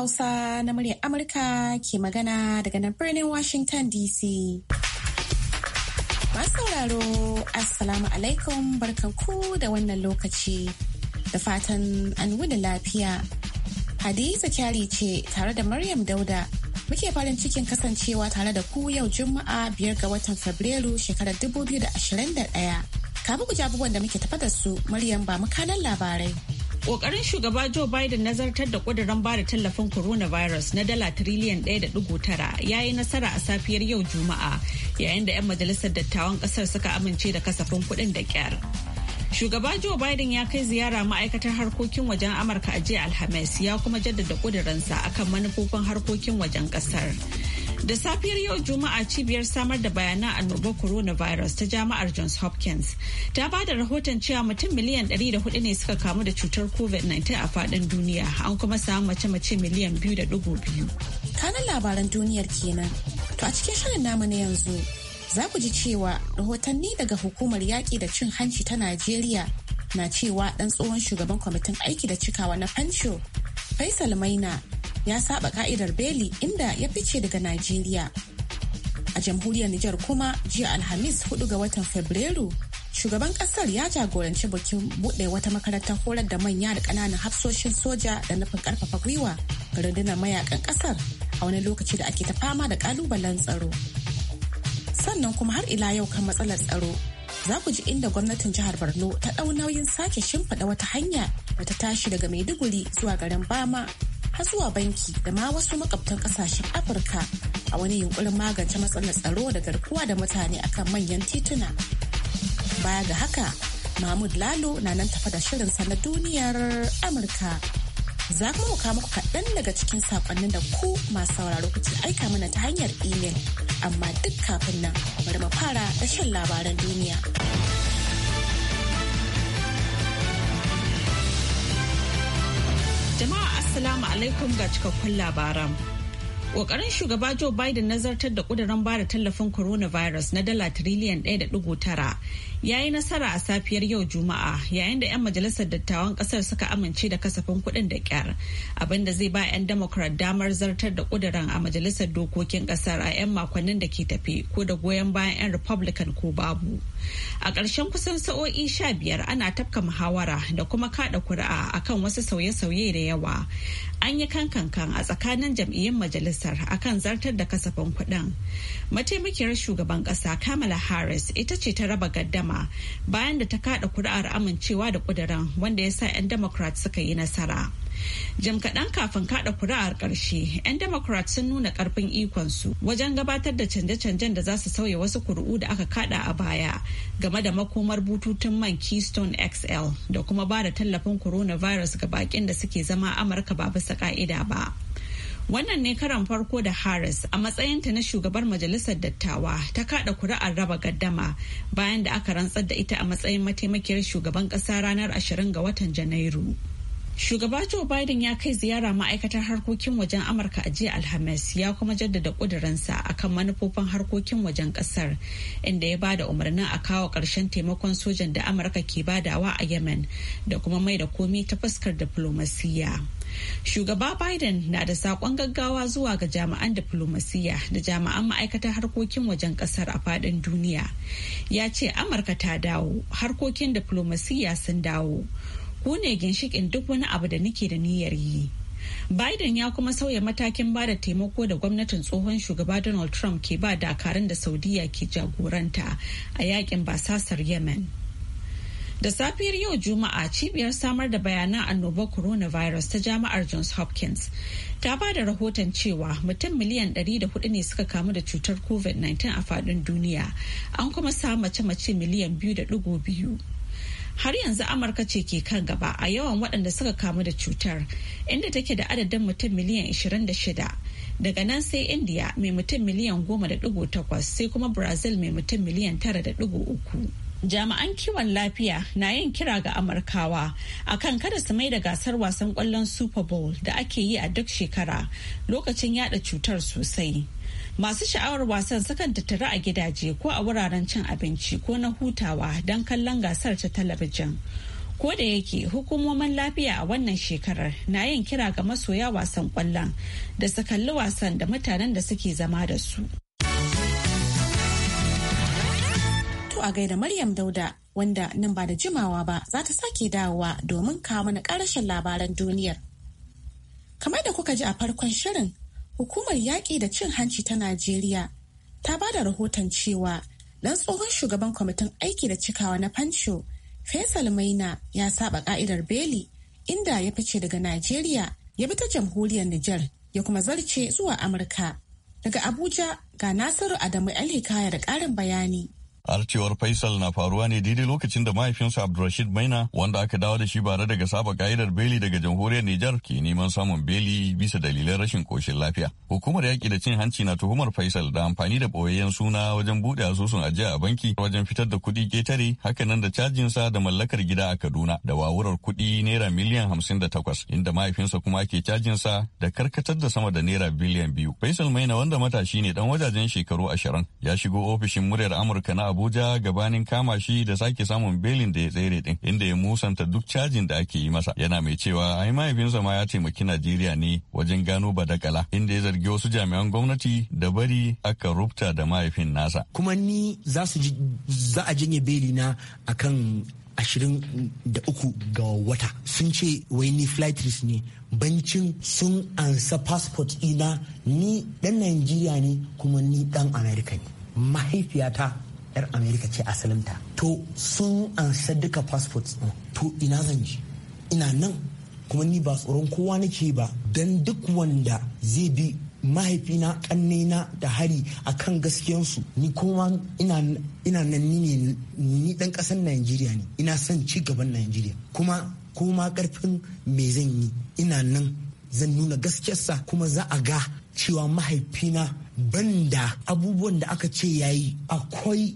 Hausa na muryar Amurka ke magana daga nan birnin Washington DC. Masu sauraro, Assalamu alaikum barkanku da wannan lokaci. Da fatan an wuni lafiya. Hadiza kyari ce tare da Maryam Dauda. Muke farin cikin kasancewa tare da ku yau Juma'a biyar ga watan Fabrairu shekarar 2021. Kafin ku ji abubuwan da muke tafa da su, Maryam ba mu kanan labarai. Ƙoƙarin shugaba Joe Biden na zartar da ƙudurin bada tallafin coronavirus na dala tiriliyan 1.9 ya yi nasara a safiyar yau Juma'a yayin da 'yan majalisar dattawan ƙasar suka amince da kasafin kuɗin da ƙyar. Shugaba Joe Biden ya kai ziyara ma'aikatar harkokin wajen Amurka a jiya Alhamis ya kuma jaddada ƙuduransa akan manufofin harkokin wajen ƙasar. Da safiyar yau Juma'a cibiyar samar da bayanan annobar coronavirus ta jama'ar Johns Hopkins ta ba da rahoton cewa mutum miliyan 104 ne suka kamu da cutar COVID-19 a fadin duniya an kuma samu mace-mace miliyan 2.2. Kanan labaran duniyar kenan. To a cikin shirin namu na yanzu za ku ji cewa rahotanni daga hukumar yaƙi da cin hanci ta Najeriya na cewa ɗan tsohon shugaban kwamitin aiki da cikawa na fansho Faisal Maina ya saba ka'idar beli inda ya fice daga Najeriya. A jamhuriyar Nijar kuma jiya Alhamis 4 ga watan Fabrairu shugaban kasar ya jagoranci bikin buɗe wata makarantar horar da manya da ƙananan hafsoshin soja da nufin ƙarfafa gwiwa ga rundunar mayakan kasar a wani lokaci da ake ta fama da ƙalubalen tsaro sannan kuma har ila yau kan matsalar tsaro za ku ji inda gwamnatin jihar borno ta ɗau nauyin sake shimfiɗa wata hanya da ta tashi daga maiduguri zuwa garin bama har zuwa banki da ma wasu makabtan kasashen afirka a wani yunkurin magance matsalar tsaro da garkuwa da mutane akan manyan tituna baya ga haka mahmud lalo na nan tafa da shirinsa na duniyar amurka za kuma muka muku kaɗan daga cikin saƙonnin da ku masu sauraro kuke aika mana ta hanyar imel amma duk kafin nan bari mu fara da shan labaran duniya. alaikum ga cikakkun labaran. Ƙoƙarin shugaba Joe Biden na zartar da ƙudurin bada tallafin coronavirus na dala tiriliyan 1.9 ya yi nasara a safiyar yau Juma'a yayin da 'yan majalisar dattawan ƙasar suka amince da kasafin kuɗin da ƙyar abinda zai ba 'yan Democrat damar zartar da ƙudurin a majalisar dokokin ƙasar a 'yan makonnin da ke tafe ko da goyon bayan 'yan Republican ko babu. A ƙarshen kusan sa'o'i sha biyar ana tafka muhawara da kuma kaɗa kuri'a akan wasu sauye-sauye da yawa. An yi kankan a tsakanin jam'iyyun Majalisar. kasar akan zartar da kasafin kuɗin. Mataimakiyar shugaban ƙasa Kamala Harris ita ce ta raba gaddama bayan da ta kada kuri'ar amincewa da ƙuduran wanda ya sa 'yan Democrat suka yi nasara. Jim kaɗan kafin kada kuri'ar ƙarshe, 'yan Democrat sun nuna ƙarfin ikonsu wajen gabatar da canje-canjen da za su sauya wasu kuri'u da aka kada a baya game da makomar bututun man Keystone XL da kuma ba da tallafin coronavirus ga bakin da suke zama Amurka ba bisa ƙa'ida ba. Wannan ne karan farko da Harris a matsayinta na shugabar majalisar dattawa ta kada kuri'ar raba gaddama bayan da aka rantsar da ita a matsayin mataimakiyar shugaban kasa ranar 20 ga watan Janairu. Shugaba Joe Biden ya kai ziyara ma'aikatar harkokin wajen Amurka a jiya Alhamis ya kuma jaddada ƙudurinsa kan manufofin harkokin wajen ƙasar inda ya bada umarnin a kawo ƙarshen taimakon sojan da Amurka ke badawa a Yemen da kuma mai da komi ta fuskar diflomasiyya. Shugaba Biden na da saƙon gaggawa zuwa ga jami'an diplomasiya da jami'an ma'aikatar harkokin wajen ƙasar a faɗin duniya. Ya ce Amurka ta dawo, harkokin diplomasiya sun dawo. Ku ne ginshikin duk wani abu da nake da niyyar yi. Biden ya kuma sauya matakin ba da taimako da gwamnatin tsohon shugaba Donald Trump ke ba dakarun da Saudiya ke jagoranta a yakin basasar Yemen. Da safiyar yau Juma'a cibiyar samar da bayanan annobar coronavirus ta jami'ar Johns Hopkins ta ba da rahoton cewa mutum miliyan 104 ne suka kamu da cutar COVID-19 a faɗin duniya, an kuma sa mace-mace miliyan 2.2. har yanzu amurka ce ke kan gaba a yawan waɗanda suka kamu da cutar inda take da adadin mutum miliyan 26 daga nan sai india mai mutum miliyan goma 10.8 sai kuma brazil mai mutum miliyan tara 9.3 jami'an kiwon lafiya na yin kira ga amurkawa akan kada su mai da gasar wasan kwallon super bowl da ake yi a duk shekara lokacin yada cutar sosai masu sha'awar wasan sukan tattara a gidaje ko a wuraren cin abinci ko na hutawa don kallon gasar ta talabijin ko da yake hukumomin lafiya a wannan shekarar na yin kira ga masoya wasan kwallon da su kalli wasan da mutanen da suke zama da su to a gaida Maryam Dauda wanda nan ba da jimawa ba za ta sake dawowa domin kawo mana karashin labaran duniyar. Kamar da kuka ji a farkon shirin, hukumar yaƙi da cin hanci ta Najeriya ta ba da rahoton cewa dan tsohon shugaban kwamitin aiki da cikawa na Fancho, Faisal Maina ya saba ka'idar Beli inda ya fice daga Najeriya ya bi ta jamhuriyar Nijar ya kuma zarce zuwa Amurka. Daga Abuja ga Nasiru Adamu Alhikaya da ƙarin bayani. Arcewar Faisal na faruwa ne daidai lokacin da mahaifinsa Abdulrashid Maina wanda aka dawo da shi bare daga saba ka'idar beli daga jamhuriyar Nijar ke neman samun beli bisa dalilan rashin koshin lafiya. Hukumar yaƙi da cin hanci na tuhumar Faisal da amfani da ɓoyayyen suna wajen buɗe asusun ajiya a banki wajen fitar da kuɗi ƙetare hakanan da cajinsa da mallakar gida a Kaduna da wawurar kuɗi naira miliyan hamsin da takwas inda mahaifinsa kuma ke cajinsa da karkatar da sama da naira biliyan biyu. Faisal Maina wanda matashi ne dan wajajen shekaru ashirin ya shigo ofishin muryar Amurka na Abuja gabanin kama shi da sake samun belin da ya tsere din inda ya musanta duk cajin da ake yi masa yana mai cewa ai mahaifinsa ma ya taimaki Najeriya ne wajen gano badakala inda ya zargi wasu jami'an gwamnati da bari aka rubuta da mahaifin nasa. Kuma ni za su za a janye beli na akan ashirin da uku ga wata sun ce wai ni flight risk ne bancin sun ansa passport ina ni dan Najeriya ne kuma ni dan America ne mahaifiyata yar america ce asalinta to sun ansa duka passport to ina zan ji ina nan kuma ni ba tsoron kowa nake ba don duk wanda zai bi mahaifina na da hari a kan gaskiyansu ni kuma ina nan ni ne ni dan kasar najeriya ne ina son ci gaban najeriya kuma kuma karfin mai zan yi ina nan zan nuna gaskiyarsa kuma za a ga cewa mahaifina banda abubuwan da aka ce yayi akwai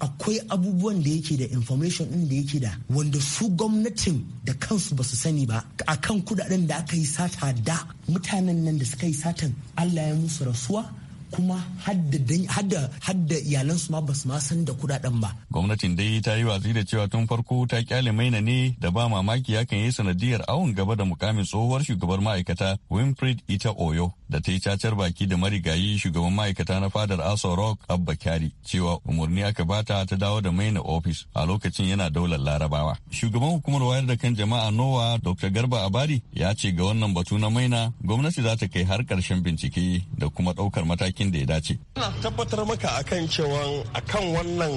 akwai abubuwan da yake da information din da yake da wanda su gwamnatin da kansu ba su sani ba a kan kudaden da aka yi sata da mutanen nan da suka yi satan allah ya musu rasuwa kuma hadda iyalansu ma ba su ma san da kudaden ba. Gwamnatin dai ta yi watsi da cewa tun farko ta kyale maina ne da ba mamaki yakan yi sanadiyar awon gaba da mukamin tsohuwar shugabar ma'aikata Winfred ita Oyo da ta yi cacar baki da marigayi shugaban ma'aikata na fadar aso rock abba kyari cewa umarni aka bata ta dawo da maina ofis a lokacin yana daular larabawa shugaban hukumar wayar da kan jama'a nowa dr garba abari ya ce ga wannan batu na maina gwamnati za ta kai har karshen bincike da kuma daukar matakin da ya dace ina tabbatar maka akan cewa akan wannan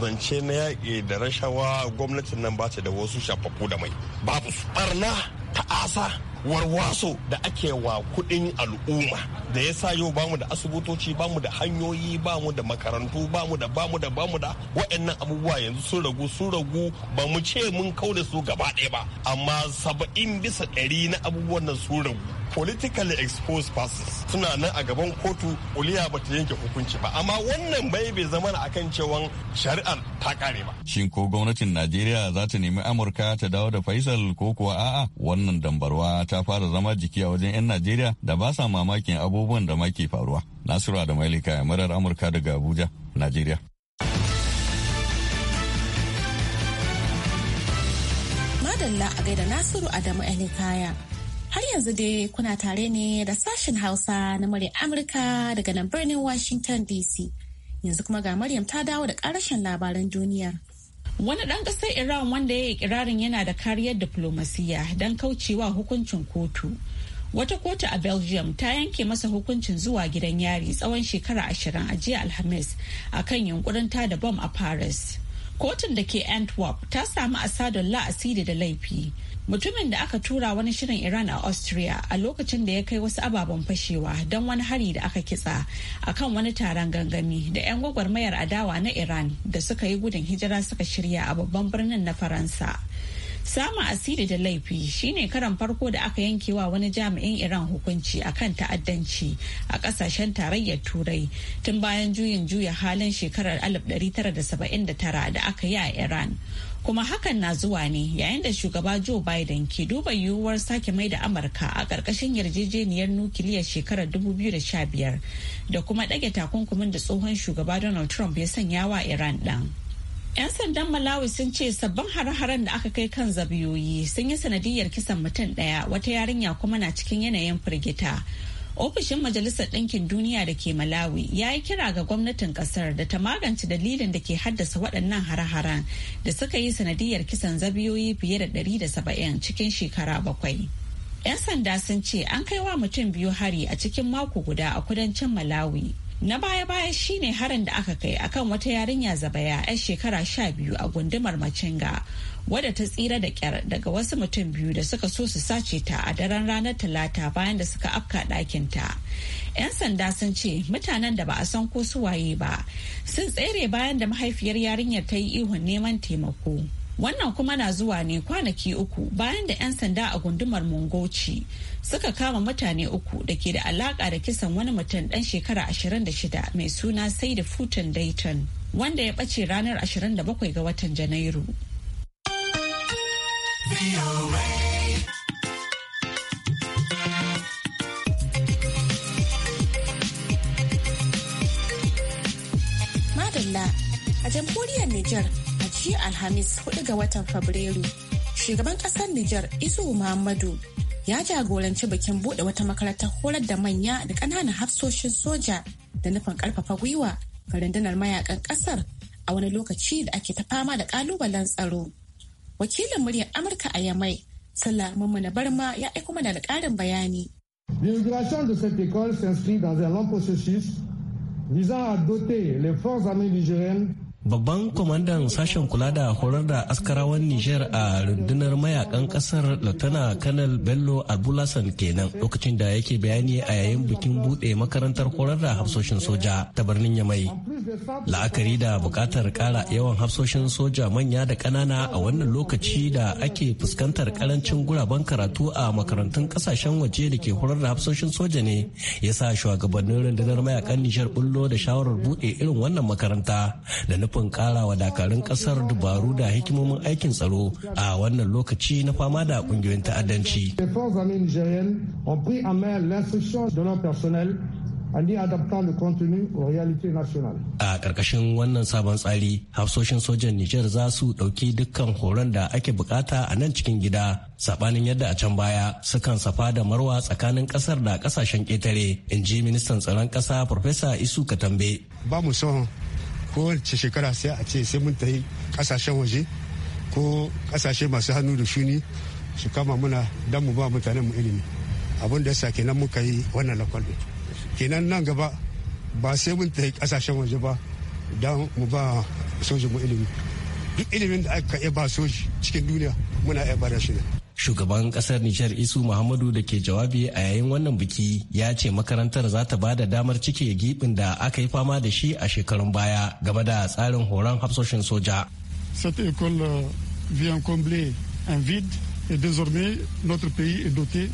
zance na yaƙi da rashawa gwamnatin nan ba ta da wasu shafaffu da mai babu ɓarna ta asa. warwaso da ake wa kuɗin al'umma da ya sa yau bamu da asibitoci bamu da hanyoyi bamu da makarantu bamu da bamu da bamu da waɗannan abubuwa yanzu sun ragu sun ragu ba mu ce mun kauna su gaba ɗaya ba amma saba'in bisa ɗari na abubuwan nan sun ragu politically exposed persons suna nan a gaban kotu kuliya ba ta yanke hukunci ba amma wannan bai bai zama a kan cewa shari'ar ta kare ba shin ko gwamnatin najeriya za ta nemi amurka ta dawo da faisal ko kuwa a'a wannan dambarwa ta fara zama jiki a wajen 'yan najeriya da ba sa mamakin abubuwan da ma ke faruwa nasiru da mailika murar amurka daga abuja najeriya madalla a gaida nasiru adamu kaya Har yanzu dai kuna tare ne da sashen Hausa na murya Amurka daga nan birnin Washington DC. Yanzu kuma ga Maryam ta dawo da ƙarashin labaran duniya. Wani ɗan ƙasar Iran wanda ya yi ƙirarin yana da kariyar diflomasiyya don kaucewa hukuncin kotu. Wata kotu a Belgium ta yanke masa hukuncin zuwa gidan yari tsawon shekara ashirin a jiya Alhamis akan yunkurin da bom a Paris. kotun da ke antwerp ta samu asadullah asiri da laifi mutumin da aka tura wani shirin iran a austria a lokacin da ya kai wasu ababen fashewa don wani hari da aka kitsa a kan wani taron gangami da 'yan gwagwarmayar adawa na iran da suka yi gudun hijira suka shirya a babban birnin na faransa Samun asiri da laifi shine karan farko da aka yanke wa wani jami'in Iran hukunci a kan ta'addanci a kasashen tarayyar Turai tun bayan juyin juya halin shekarar 1979 da aka yi a Iran. Kuma hakan na zuwa ne yayin da shugaba Joe Biden ke duba yiwuwar sake mai da Amurka a ƙarƙashin yarjejeniyar nukiliyar shekarar 2015 da kuma ɗage takunkumin da tsohon shugaba Donald Trump ya sanya wa Iran ɗan. 'Yan sandan Malawi sun ce sabbin hare-haren da aka kai kan zabiyoyi sun yi sanadiyar kisan mutum ɗaya wata yarinya kuma na cikin yanayin firgita. Ofishin Majalisar Ɗinkin Duniya da ke Malawi ya yi kira ga gwamnatin ƙasar da ta magance dalilin da ke haddasa waɗannan hare-haren da suka yi sanadiyar kisan zabiyoyi fiye da 170 cikin shekara bakwai. 'Yan sanda sun ce an kai wa mutum biyu hari a cikin mako guda a kudancin Malawi. Na baya-baya shine harin da aka kai akan wata yarinya zabaya 'yar shekara sha biyu a gundumar Macinga wadda ta tsira da kyar daga wasu mutum biyu da suka so su sace ta a daren ranar Talata bayan da suka afka ɗakinta. 'Yan sanda sun ce mutanen da ba a san ko su waye ba sun tsere bayan da mahaifiyar yarinyar ta yi ihun neman taimako. Wannan kuma na zuwa ne kwanaki uku bayan da 'yan sanda a gundumar mungoci suka kama mutane uku da ke da alaka da kisan wani mutum dan shekara 26 mai suna sai da Futon Dayton wanda ya ɓace ranar 27 ga watan Janairu. Madalla a jamhuriyar Nijar jiya alhamis hudu ga watan fabrairu shugaban kasar Nijar isu muhammadu ya jagoranci bikin bude wata makarantar horar da manya da ƙananan hafsoshin soja da nufin karfafa gwiwa ga rundunar mayakan kasar a wani lokaci da ake ta fama da kalubalen tsaro wakilin muryar amurka a yamai sallah mummuna barma ya aiko mana da ƙarin bayani L'inauguration de cette école s'inscrit dans long à Babban kwamandan sashen kula da horar da askarawan Nijar a rundunar mayakan kasar Latana Kanal Bello albulasan kenan lokacin da yake bayani a yayin bikin buɗe makarantar horar da hafsoshin soja ta birnin Yamai. La'akari da bukatar ƙara yawan hafsoshin soja manya da ƙanana a wannan lokaci da ake fuskantar karancin guraben karatu a makarantun ƙasashen waje da ke horar da hafsoshin soja ne ya sa shugabannin rundunar mayakan Nijar bullo da shawarar buɗe irin wannan makaranta da nufin ƙara wa dakarun ƙasar dubaru da hikimomin aikin tsaro a wannan lokaci na fama da ƙungiyoyin ta'addanci. A ƙarƙashin wannan sabon tsari, hafsoshin sojan Nijar za su ɗauki dukkan horon da ake bukata a nan cikin gida, saɓanin yadda a can baya sukan safa da marwa tsakanin ƙasar da ƙasashen ƙetare, in ji ministan tsaron ƙasa Farfesa Isu Katambe. Ba mu son kowace shekara sai a ce sai mun tafi kasashen waje ko kasashe masu hannu da shuni su kama muna don mu ba mutanen mu ilimi abin da yasa kenan muka yi wannan lakwal kenan nan gaba ba sai mun tafi kasashen waje ba don mu ba sojin mu ilimi duk ilimin da aka iya ba soji cikin duniya muna iya ba shi ne shugaban kasar nijar isu muhammadu da ke jawabi a yayin wannan biki ya ce makarantar za ta ba da damar cike gibin da aka yi fama da shi a shekarun baya game da tsarin horon hafsoshin soja cette école euh, vient combler un vide et désormais notre pays est doté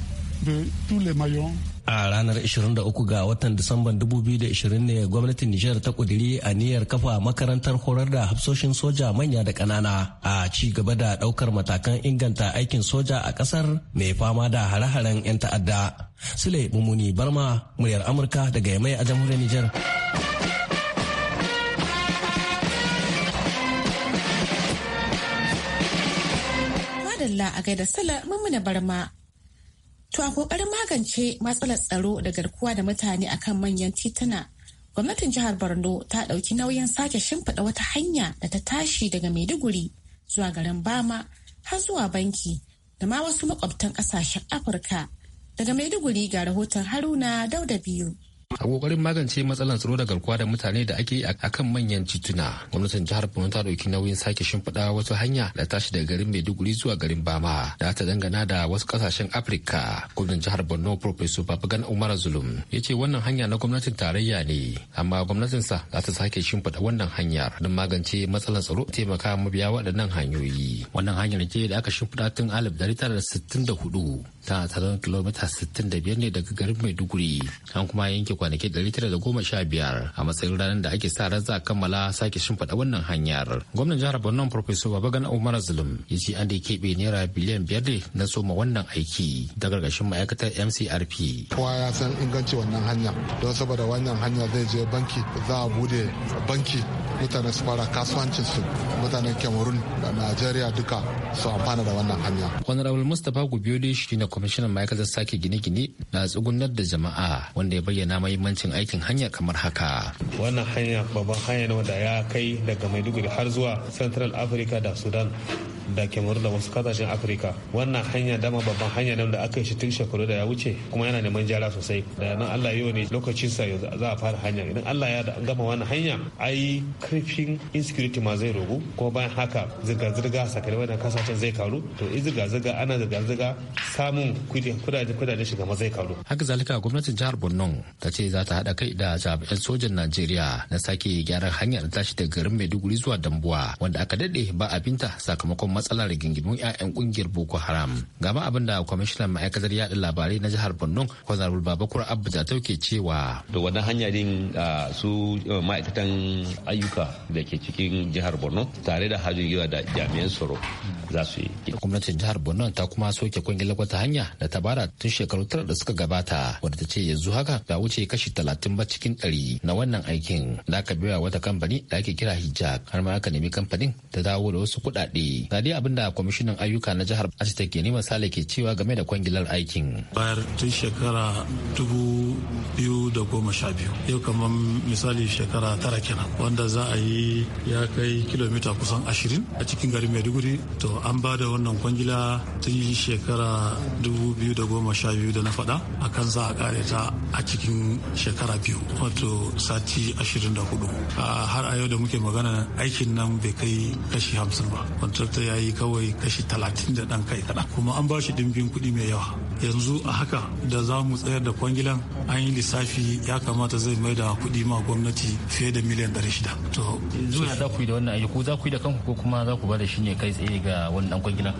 de tous les maillons a ranar 23 ga watan disamban 2020 ne gwamnatin nijar ta kudiri niyyar kafa makarantar horar da hafsoshin soja manya da ƙanana a ci gaba da ɗaukar matakan inganta aikin soja a ƙasar mai fama da hare-haren 'yan ta'adda sule mumuni barma muryar amurka daga yamai a jamhuriyar nijar Wadalla a gaida sala mummuna barma To a kokarin magance matsalar tsaro da garkuwa da mutane akan manyan tituna, gwamnatin jihar Borno ta ɗauki nauyin sake shimfiɗa wata hanya da ta tashi daga Maiduguri zuwa garin Bama har zuwa banki da ma wasu makwabtan ƙasashen Afirka. Daga Maiduguri ga rahoton Haruna Dauda biyu. a kokarin magance matsalar tsaro da garkuwa da mutane da ake a kan manyan tituna gwamnatin jihar borno ta dauki nauyin sake shimfiɗa wasu hanya da tashi daga garin maiduguri zuwa garin bama da ta dangana da wasu kasashen afirka gwamnatin jihar borno professor babagan umar zulum ya ce wannan hanya na gwamnatin tarayya ne amma gwamnatinsa za ta sake shimfiɗa wannan hanyar don magance matsalar tsaro taimaka mabiya waɗannan hanyoyi wannan hanyar ce da aka shimfiɗa tun Alif da sittin hudu. tana tazarar kilomita 65 ne daga garin maiduguri an kuma yanke kwanaki 915 a matsayin ranar da ake sa ran za a kammala sake shimfiɗa wannan hanyar gwamnan jihar borno professor babagan umar zulum ya ce an da keɓe naira biliyan biyar ne na soma wannan aiki da gargashin ma'aikatar mcrp kowa ya san inganci wannan hanya don saboda wannan hanya zai je banki za a bude banki mutane su fara kasuwancinsu mutanen cameroon da nigeria duka su amfana da wannan hanya honorable mustapha gubiode shi ne kwamishinan ma'aikatar sake gine-gine na tsugunar da jama'a wanda ya bayyana mahimmancin aikin hanya kamar haka wannan hanya babban hanya ne wanda ya kai daga maiduguri har zuwa central africa da sudan da kemar da wasu kasashen afirka wannan hanya dama babban hanya ne da aka yi shi tun shekaru da ya wuce kuma yana neman jara sosai da nan allah yau ne lokacin sa za a fara hanya idan allah ya gama wannan hanya ai karfin insecurity ma zai rogu kuma bayan haka zirga-zirga sakamakon wannan kasashen zai karu to in zirga-zirga ana zirga-zirga samun kudaden shiga ma zai karu haka zalika gwamnatin jihar borno ta ce za ta haɗa kai da jami'an sojan najeriya na sake gyaran hanyar tashi daga garin maiduguri zuwa dambuwa wanda aka daɗe ba abinta sakamakon matsalar rigingimun 'ya'yan kungiyar boko haram gama abin da kwamishinan ma'aikatar yaɗa labarai na jihar borno kwazarul babakur abu da tauke cewa to wannan hanya din su e, ma'aikatan ayyuka da ke cikin jihar borno tare da hajjin yiwa da jami'an tsaro za su yi gwamnatin jihar borno ta kuma soke kungiyar wata hanya da ta bara tun shekaru tara da suka gabata wadda ta ce yanzu haka ta wuce kashi talatin ba cikin ɗari na wannan aikin da aka biya wata kamfani da ake kira hijab har ma aka nemi kamfanin ta dawo da wasu kuɗaɗe dai abinda kwamishinan ayyuka na jihar Aceh ke neman sale ke cewa game da kwangilar aikin. Bayar tun shekara dubu biyu da goma sha biyu. Yau kamar misali shekara tara kenan wanda za a yi ya kai kilomita kusan ashirin a cikin garin Maiduguri. To an ba da wannan kwangila tun shekara dubu biyu da goma sha biyu da na faɗa a kan za a kare ta a cikin shekara biyu wato sati ashirin da hudu. Har a yau da muke magana aikin nan bai kai kashi hamsin ba. Kontrakta ya yi kawai kashi talatin da ɗan kai kaɗan kuma an ba shi ɗimbin kuɗi mai yawa yanzu a haka da za mu tsayar da kwangilan an yi lissafi ya kamata zai mai da kuɗi ma gwamnati fiye da miliyan ɗari shida. to zuwa za ku yi da wannan aiki ko za ku yi da kanku ko kuma za ku ba da shi ne kai tsaye ga wani ɗan kwangila.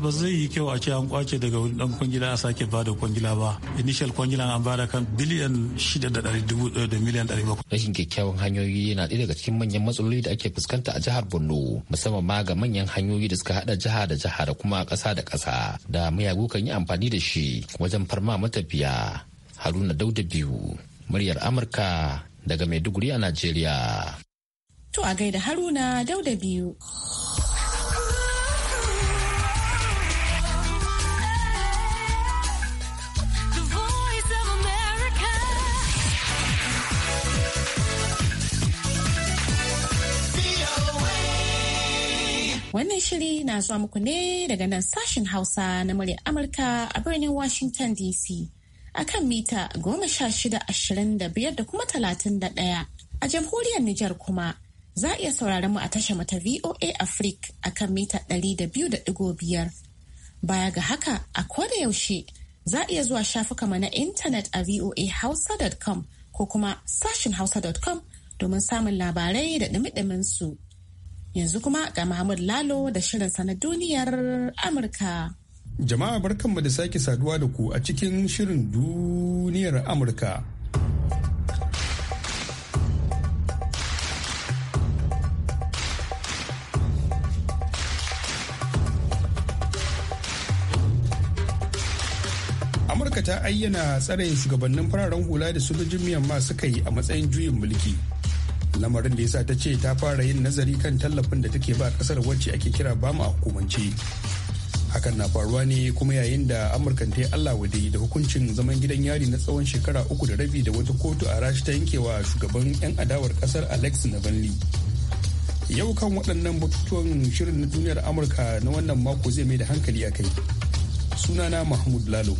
ba zai yi kyau a ce an kwace daga wani ɗan kwangila a sake ba da kwangila ba initial kwangilan an ba da kan biliyan shida da ɗari dubu da miliyan ɗari bakwai. rashin kyakkyawan hanyoyi yana ɗaya daga cikin manyan matsaloli da ake fuskanta a jihar borno musamman ma ga manyan hanyoyi hanyoyi da suka hada jiha da jiha da kuma ƙasa da ƙasa da miyagu kan yi amfani da shi wajen farma matafiya haruna dauda biyu muryar amurka daga maiduguri a najeriya to a gaida haruna dauda biyu Wannan shiri na zuwa muku ne daga nan sashen Hausa na murya Amurka a birnin Washington DC. A kan mita goma sha shida ashirin da biyar da kuma talatin da ɗaya. A jamhuriyar Nijar kuma za a iya sauraron mu a tashar mata VOA Africa a kan mita ɗari da biyu da ɗigo biyar. Baya ga haka a koda yaushe za a iya zuwa mu na intanet a voahausa.com ko kuma sashin hausa.com domin samun labarai da ɗumi su. Yanzu kuma ga Mahmud Lalo da shirin na duniyar Amurka. Jama'a barkanmu da sake saduwa da ku a cikin shirin duniyar Amurka. Amurka ta ayyana tsare shugabannin fararen hula da sojojin Myanmar masu kai a matsayin juyin mulki. lamarin da yasa ta ce ta fara yin nazari kan tallafin da take ba kasar wacce ake kira bamu a hukumance hakan na faruwa ne kuma yayin da amurka ta yi allah wadai da hukuncin zaman gidan yari na tsawon shekara uku da rabi da wata kotu a rashi ta yankewa shugaban 'yan adawar kasar alex na navalny yau kan waɗannan batutuwan shirin na duniyar amurka na wannan mako zai mai da hankali a kai sunana mahmud lalo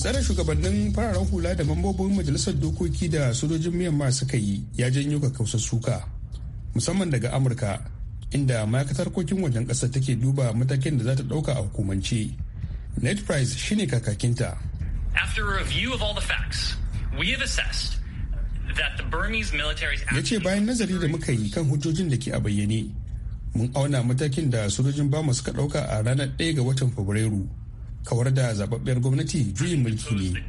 tsare shugabannin fararen hula da mambobin majalisar dokoki da sojojin myanmar suka yi ya janyo kakkausar suka musamman daga amurka inda ma'aikatar kokin wajen ƙasar take duba matakin da za ta ɗauka a hukumance net price shine kakakinta ya ce bayan nazari da muka yi kan hujjojin da ke a bayyane mun auna matakin da sojojin bama suka ɗauka a ranar 1 ga watan fabrairu kawar da zababbiyar gwamnati juyin mulki ne.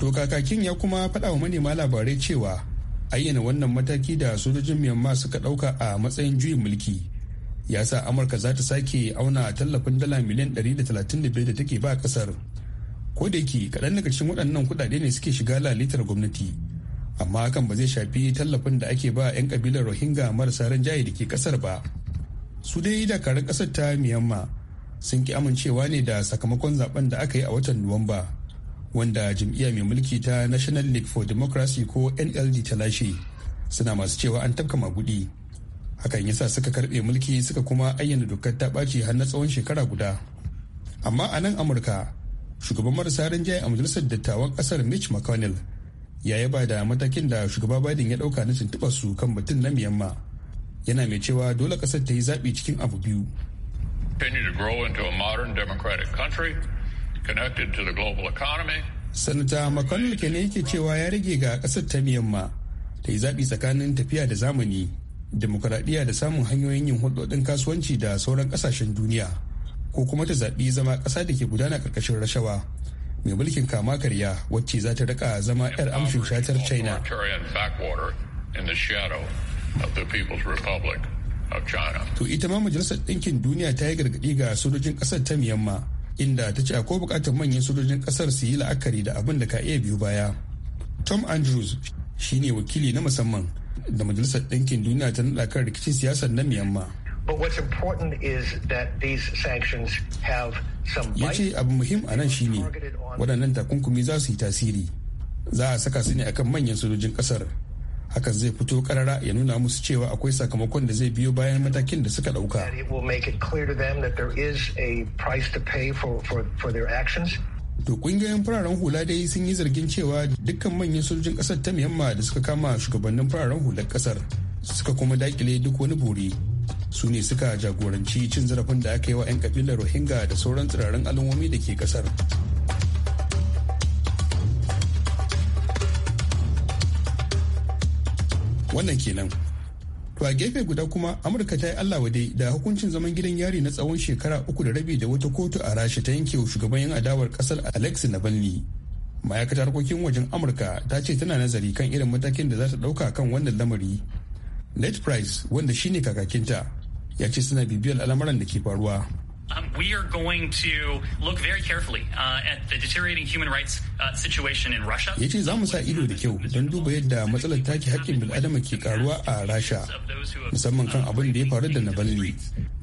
doka kakin ya kuma faɗa wa manema labarai cewa ayyana wannan mataki da sojojin Myanmar suka ɗauka a matsayin juyin mulki ya sa Amurka za ta sake auna tallafin dala miliyan 135 da take ba kasar. Ko da yake kaɗan daga cikin waɗannan kuɗaɗe ne suke shiga lalitar gwamnati. Amma hakan ba zai shafi tallafin da ake ba 'yan kabilar Rohingya marasa rinjaye da ke kasar ba. su dai dakarun kasar ta miyamma sun ki amincewa ne da sakamakon zaben da aka yi a watan nuwamba wanda jam'iyya mai mulki ta national league for democracy ko nld ta lashe suna masu cewa an tafka magudi hakan yasa suka karbe mulki suka kuma ayyana dokar ta ɓaci har na tsawon shekara guda amma a nan amurka shugaban marasa rinjaye a majalisar dattawan kasar mitch mcconnell ya yaba da matakin da shugaba biden ya ɗauka na tuntuɓar su kan batun na miyamma. yana mai cewa dole kasar ta yi zaɓi cikin abu biyu sanata mcconnell kenan yake cewa ya rage ga ƙasar ta miyamma ta yi zaɓi tsakanin tafiya da zamani demokuraɗiyya da samun hanyoyin yin hulɗoɗin kasuwanci da sauran ƙasashen duniya ko kuma ta zaɓi zama ƙasa da ke gudana ƙarƙashin rashawa mai mulkin kama karya wacce za ta riƙa zama 'yar amshin shatar china of the People's Republic of China. To ita ma Majalisar Ɗinkin Duniya ta yi gargaɗi ga sojojin ƙasar ta Myanmar inda ta ce akwai buƙatar manyan sojojin ƙasar su yi la'akari da abin da ka iya biyu baya. Tom Andrews shi ne wakili na musamman da Majalisar Ɗinkin Duniya ta naɗa kan rikicin siyasar na Myanmar. But what's important is that these sanctions have some Ya ce abu muhim a nan shine waɗannan takunkumi za su yi tasiri. Za a saka su ne akan manyan sojojin ƙasar. hakan zai fito karara ya nuna musu cewa akwai sakamakon da zai biyo bayan matakin da suka dauka to kungiyoyin fararen hula dai sun yi zargin cewa dukkan manyan sojojin kasar ta miyamma da suka kama shugabannin fararen hular kasar suka kuma dakile duk wani buri su ne suka jagoranci cin zarafin da aka yi wa 'yan kabilar rohingya da sauran tsirarin alamomi da ke kasar wannan kenan to a gefe guda kuma amurka ta yi allah wade da hukuncin zaman gidan yari na tsawon shekara uku da rabi da wata kotu a rasha ta yanke wa shugaban yan adawar kasar na navalny ma'aikatar harkokin wajen amurka ta ce tana nazari kan irin matakin da za ta ɗauka kan wannan lamari net price wanda shine kakakinta ya ce suna bibiyar al'amuran da ke faruwa Um, we are going to look very carefully uh, at the deteriorating human rights uh, situation in Russia. Ya ce za mu sa ido da kyau don duba yadda matsalar take hakkin bil'adama ke karuwa a Rasha, musamman kan abin da ya faru da Navalny,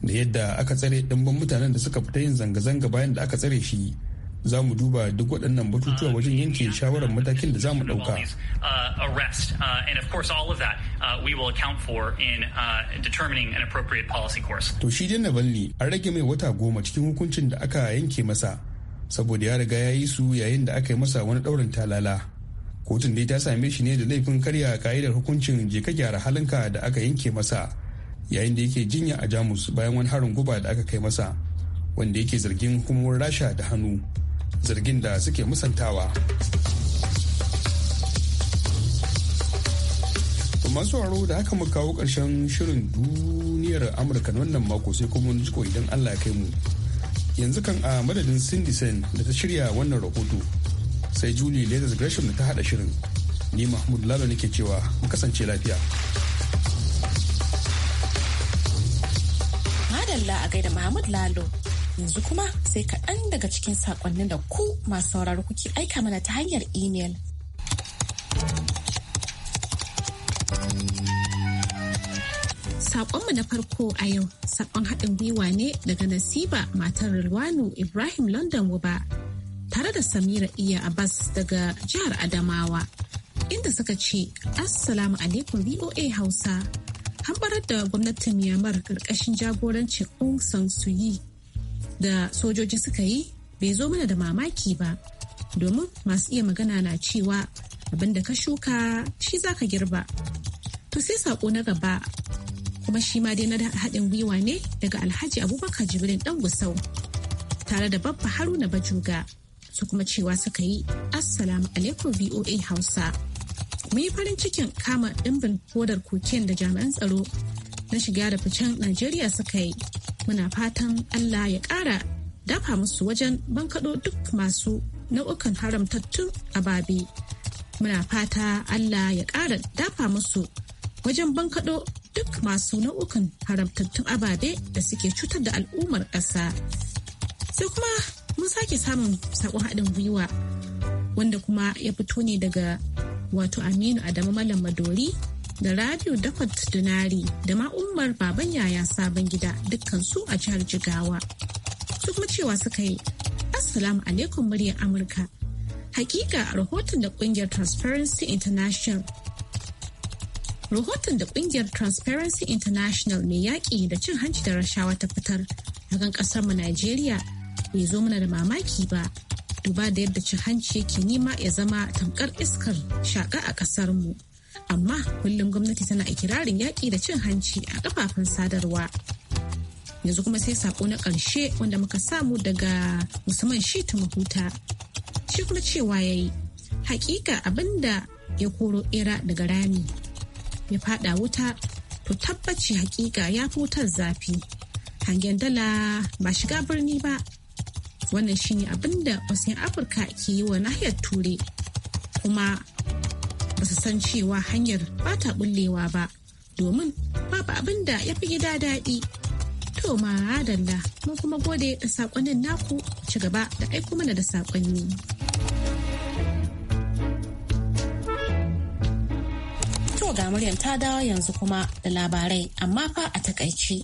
da yadda aka tsare ɗimbin mutanen da suka fita yin zanga-zanga bayan da aka tsare shi. za mu duba duk waɗannan batutuwa uh, wajen yanke shawarar matakin da za mu ɗauka. To shi dai Navalny an rage mai wata goma cikin hukuncin da aka yanke masa saboda ya riga ya yi su yayin da aka yi masa wani ɗaurin talala. Kotun dai ta same shi ne da laifin karya ka'idar hukuncin je ka gyara halinka da aka yanke masa yayin da yake jinya a Jamus bayan wani harin guba da aka kai masa wanda yake zargin hukumar Rasha da hannu. zargin da suke musantawa. masu sauraro da haka mu kawo ƙarshen shirin duniyar amurka na wannan mako sai kuma wani jiko idan allah ya kai mu yanzu kan a madadin cindy sen da ta shirya wannan rahoto sai julie da gresham da ta hada shirin ni mahmud lalo nake cewa mu kasance lafiya madalla a gaida mahmud lalo Yanzu kuma sai kaɗan daga cikin saƙonnin da ku masu sauraro kuke aika mana ta hanyar imel. saƙonmu na farko a yau saƙon haɗin gwiwa ne daga Nasiba matar Rilwanu Ibrahim London Wuba tare da Samira Iya Abbas daga jihar Adamawa inda suka ce Assalamu alaikum VOA Hausa. Hambarar da gwamnatin Myanmar ƙarƙashin jagorancin Aung San Suu Kyi da sojoji suka yi bai zo mana da mamaki ba domin masu iya magana na cewa abin da ka shuka shi za ka girba to sai sako na gaba kuma shi ma dai na haɗin gwiwa ne daga alhaji abubakar jibrin dan gusau tare da babba haruna bajuga su kuma cewa suka yi assalamu alaikum voa hausa mu yi farin cikin kama ɗimbin hodar koken da jami'an tsaro na shiga da ficen najeriya suka yi muna fatan allah ya ƙara dafa musu wajen bankaɗo duk masu nau'ukan haramtattun ababe muna fata allah ya ƙara dafa musu wajen bankaɗo duk masu nau'ukan haramtattun ababe da suke cutar da al'ummar ƙasa sai kuma mun sake samun saƙon haɗin gwiwa wanda kuma ya fito ne daga wato aminu adamu malam madori da radio dafa dinari da ma umar baban yaya sabon gida dukkansu a jihar jigawa su kuma cewa suka yi assalamu alaikum muryar amurka hakika a rahoton da kungiyar transparency international rahoton da kungiyar transparency international mai yaƙi da cin hanci da rashawa ta fitar a kan mu najeriya bai zo muna da mamaki ba duba da yadda cin hanci yake nima ya zama tamkar iskar shaƙa a ƙasar mu amma kullum gwamnati tana ikirarin yaƙi da cin hanci a kafafen sadarwa yanzu kuma sai saƙo na ƙarshe wanda muka samu daga musamman shi ta mahuta shi kuma cewa ya yi hakika abinda ya koro era daga rami ya faɗa wuta to tabbaci haƙiƙa ya fi wutar zafi hangen dala ba shiga birni ba wannan shine abinda wasu afirka ke yi wa nahiyar ture kuma ba su san cewa hanyar ba ta bullewa ba domin babu abin da ya fi gida daɗi. To ma adalla mun kuma gode da saƙonin naku ci gaba da aiko mana da saƙonni. To ga muryar ta dawo yanzu kuma da labarai amma fa a takaici.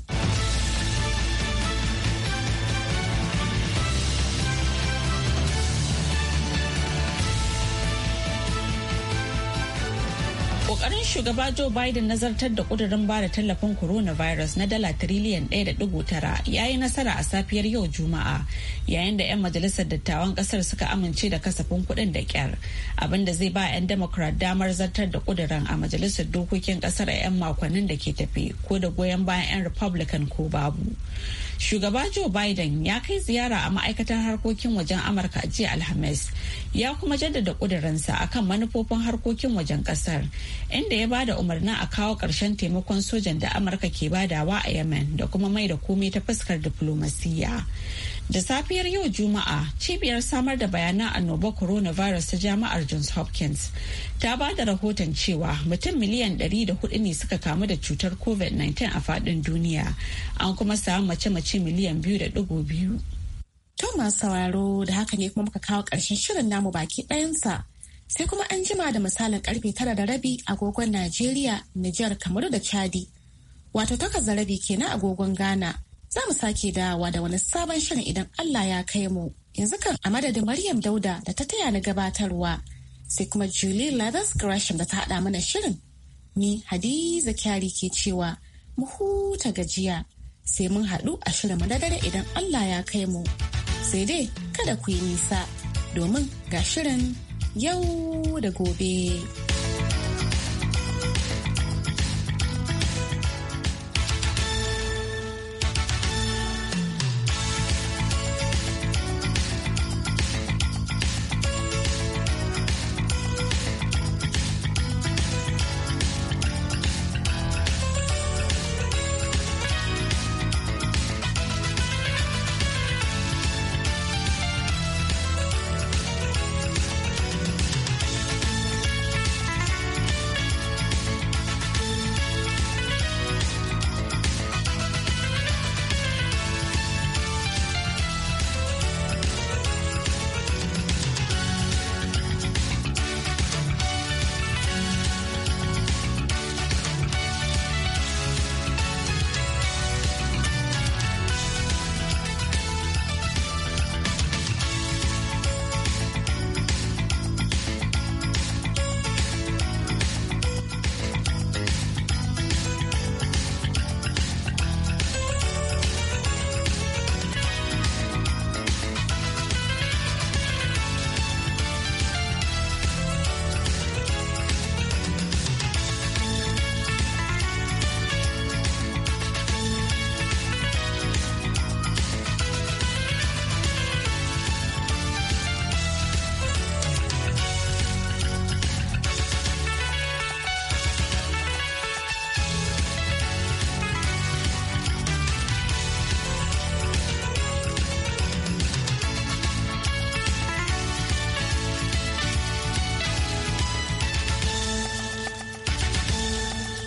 Kokarin shugaba Joe Biden na zartar da kudurin ba da tallafin coronavirus na dala tiriliyan 1.9 ya yi nasara a safiyar yau Juma'a yayin da 'yan majalisar dattawan kasar suka amince da kasafin kudin da kyar abinda zai ba 'yan Democrat damar zartar da kudurin a majalisar dokokin kasar a 'yan makonnin da ke tafi ko da goyon bayan 'yan Republican ko babu. Shugaba Joe Biden ya kai ziyara a ma'aikatar harkokin wajen Amurka jiya Alhamis ya kuma jaddada kudurinsa kan manufofin harkokin wajen kasar inda ya bada umarnin a kawo karshen taimakon sojan da Amurka ke badawa a Yemen da kuma mai da komai ta fuskar diflomasiyya. Da safiyar yau Juma'a, cibiyar samar da bayanan annoba coronavirus ta jami'ar Johns Hopkins ta ba da rahoton cewa mutum miliyan 104 ne suka kamu da cutar COVID-19 a faɗin duniya, an kuma samu mace-mace miliyan 2.2. Thomas sauraro da haka ne kuma muka kawo ƙarshen shirin namu baki ɗayansa. Sai kuma an jima da misalin karfe tara da rabi agogon Najeriya, Nijar, Kamaru da Chadi. Wato takwas da rabi kenan agogon Ghana. za mu sake dawowa da wani sabon shirin idan Allah ya kai mu. Yanzu kan a madadin Maryam Dauda da ta taya ni gabatarwa sai kuma Julie Lathers Gresham da ta haɗa mana shirin. Ni Hadiza Kyari ke cewa mu huta gajiya sai mun haɗu a shirin na dare idan Allah ya kai mu. Sai dai kada ku yi nisa domin ga shirin yau da gobe.